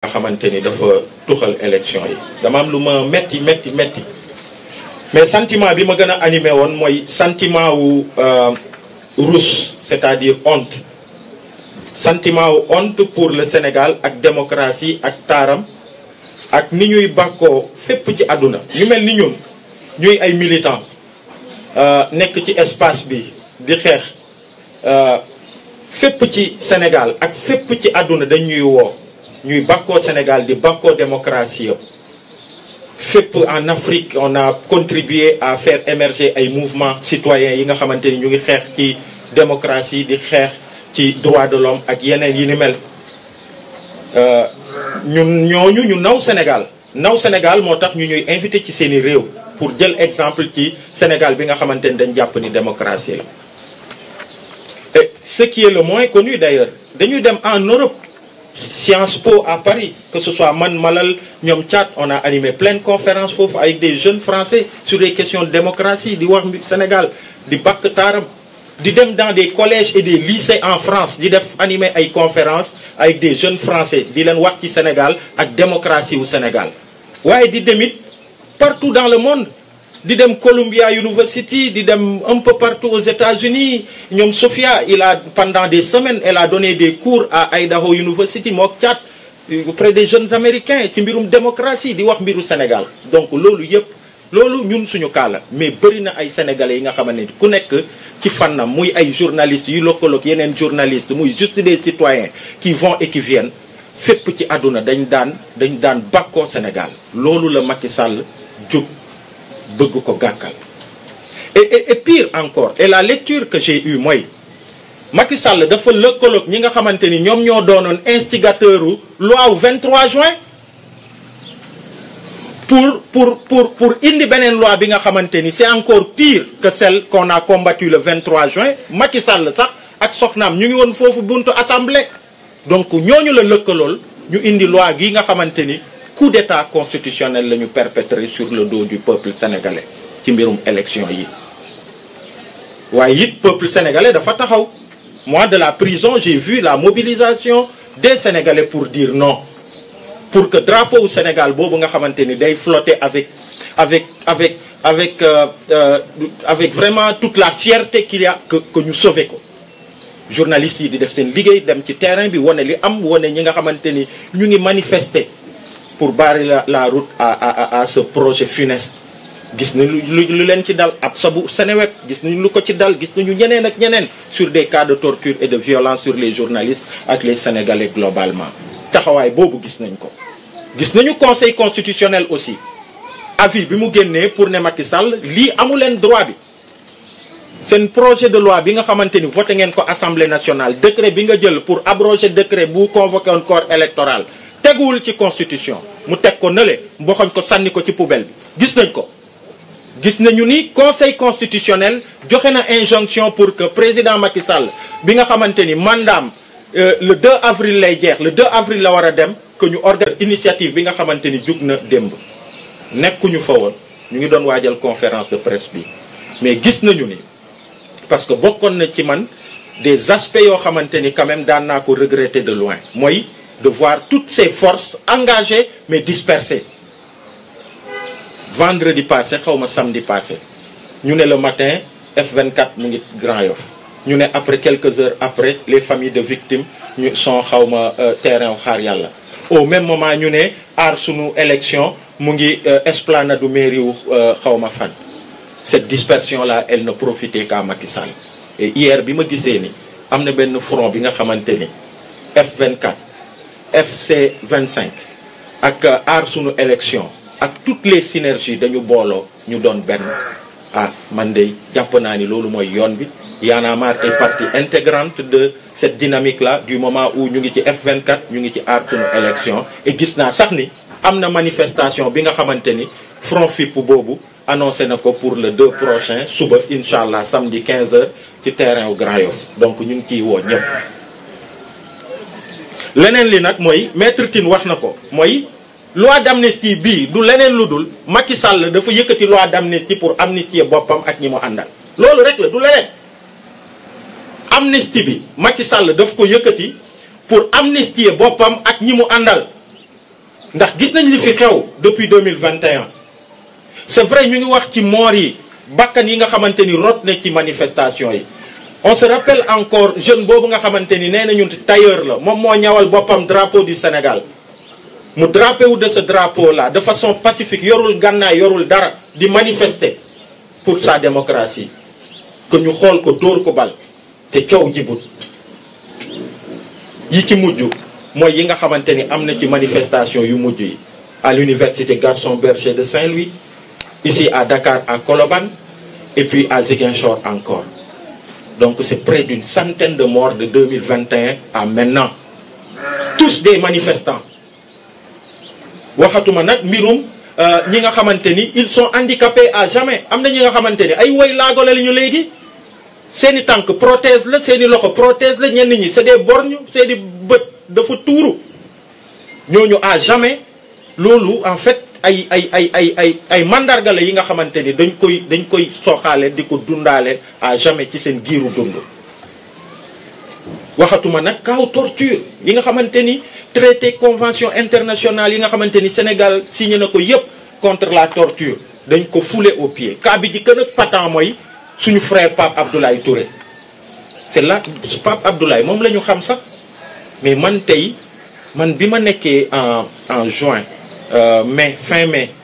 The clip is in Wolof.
xamanteni dafa tuxal élection yi dama am lu ma metti metti metti mais sentiment bi ma gën a animé woon mooy sentiment wu euh, russe c'est-à-dire honte sentiment wu honte pour le Sénégal ak démocratie ak taaram ak ni ñuy bàkkoo fépp ci àdduna ñu mel ni ñun ñuy ay militants, euh, nekk ci espace bi di xeex euh, fépp ci Sénégal ak fépp ci àdduna dañ ñuy woo sommes au Sénégal di bako démocratie fait en Afrique on a contribué à faire émerger un mouvement citoyen qui nga fait ñu démocratie di xeex droit de l'homme ak yi ni mel euh, ñun Nous, Sénégal Sénégal invité ci pour exemple Sénégal bi a démocratie et ce qui est le moins connu d'ailleurs nous dem en Europe Sciences Po à Paris, que ce soit Man Malal, Nyom on a animé plein de conférences avec des jeunes français sur les questions de démocratie, du Sénégal, du Bac du dem dans des collèges et des lycées en France, du a animé une conférence avec des jeunes français, du len Sénégal, avec démocratie au Sénégal. Ouais, du partout dans le monde, di dem Columbia University di dem un peu partout aux États-Unis nyom Sofia il a pendant des semaines elle a donné des cours à Idaho University mochat euh, auprès des jeunes américains ci mbirum démocratie di wax mbiru Sénégal donc lolu yep lolu ñun suñu mais bari na ay sénégalais yi nga xamante ni ku nekk ci y muy ay journalistes yu lëkkaloog yeneen journalistes muy juste des citoyens qui vont et qui viennent fep ci aduna dañ daan dañ daan Sénégal lolu le Macky Sall et et pire encore et la lecture que j'ai eue moi, Macky Sall le colloque, ñi nga xamanteni ñom ñoo un instigateur ou loi 23 juin pour pour pour pour indi benen loi bi nga xamanteni c'est encore pire que celle qu'on a combattue le 23 juin Macky Sall sax ak soxnaam ñu ngi woon buntu assemblée donc ñooñu la lëkkalool ñu indi loi gi nga xamanteni coup d'état constitutionnel que nous sur le dos du peuple sénégalais ci nous élection yi peuple sénégalais de taxaw moi de la prison j'ai vu la mobilisation des sénégalais pour dire non pour que drapeau Sénégal boobu nga avec avec avec avec euh, euh, avec vraiment toute la fierté qu'il y a que nous sauver journalistes yi di def terrain bi li am pour barrer la, la route à, à, à, ce projet funeste gis avons lu lu leen ci dal ab Sénégal, Seneweb gis nañ lu ko ci dal gis sur des cas de torture et de violence sur les journalistes et les sénégalais globalement taxawaay boobu gis Nous ko gis le conseil constitutionnel aussi avis bi mu pour ne Macky Sall lii amu C'est droit bi un projet de loi bi a été voté ngeen ko assemblée nationale décret bi nga jël pour abroger décret bu convoquer un corps électoral teguwul ci constitution mu teg ko nële mboxoñ ko sànni ko ci poubelle bi gis nañ ko gis nañu ni conseil constitutionnel joxe na injonction pour que président Macky Sall bi nga xamante ni euh, le 2 avril lay jeex le 2 avril la war a dem que ñu ordre initiative bi nga xamante ni jug na démb nekkuñu fa woon ñu ngi doon waajal conférence de presse bi mais gis nañu ni parce que bokkoon na ci man des aspects yoo xamante ni quand même daan naa ko regretter de loin mooy de voir toutes ces forces engagées mais dispersées. Vendredi passé, samedi passé, nous sommes le matin F24 nous ngi Grand Nous sommes après quelques heures après les familles de victimes sont sont le euh, terrain de au même moment nous sommes à l'élection élection sommes ngi euh, esplanade du mairie euh, fan cette dispersion là elle ne profitait qu'à Macky et hier je me disais nous y un front F24 FC 25 ak euh, Arsoun sunu élection ak toutes les synergies dañu nous ñu nous Ben ah man de jàpp naa ni loolu mooy bi est partie intégrante de cette dynamique là du moment où nous sommes F24 nous sommes ci aar et gis Sahni, sax ni manifestation bi nga front pour boobu annoncé pour le 2 prochain suba Inch'Allah, samedi 15 sur le terrain au Grand donc nous sommes ciy leneen li nag mooy maître Tine wax na ko mooy loi d'amnistie bii du leneen lu dul Macky Sall dafa yëkkati loi d'amnistie pour amnistier boppam ak ñi mu àndal loolu rek la du leneen amnistie bi Macky Sall daf ko yëkkati pour amnistier boppam ak ñi mu àndal ndax gis nañ li fi xew depuis 2021 c'est vrai ñu ngi wax ci moor yi bakkan yi nga xamante ni rot na ci manifestation yi on se rappelle encore jeune boobu nga xamanteni néna ñun tailleur la mom mo ñawal bopam drapeau du Sénégal mu drapé de ce drapeau là de façon pacifique yorul ganna yorul dara di manifester pour sa démocratie que ñu xol ko tour ko bal te coow jibut yi ci mujj moy yi nga xamanteni amna manifestation yu à l'université Gaston Berger de Saint-Louis ici à Dakar à Colobane et puis à Ziguinchor encore donc c'est près d'une centaine de morts de 2021 à maintenant. Tous des manifestants. Euh, ils sont handicapés à jamais C'est na ñi nga xamante ay C'est laago la ñu léegi c'est prothèse c'est prothèse C'est des ñi c'est des borgnes de bët dafa Nous à jamais loolu en fait ay ay ay ay ay ay mandarga la yi nga xamanteni dañ koy dañ koy soxale diko dundale A à jamais ci s'en giiru dund waxatuma nak kaw torture yi nga xamanteni traité convention internationale yi nga xamanteni Sénégal signé nako yépp contre la torture dañ ko foulé au pied ka bi di gën ak patent moy suñu frère Pape Abdoulaye Touré c'est là Pape Abdoulaye mom lañu xam sax mais man tay man bima ma en en juin euh, mai fin mai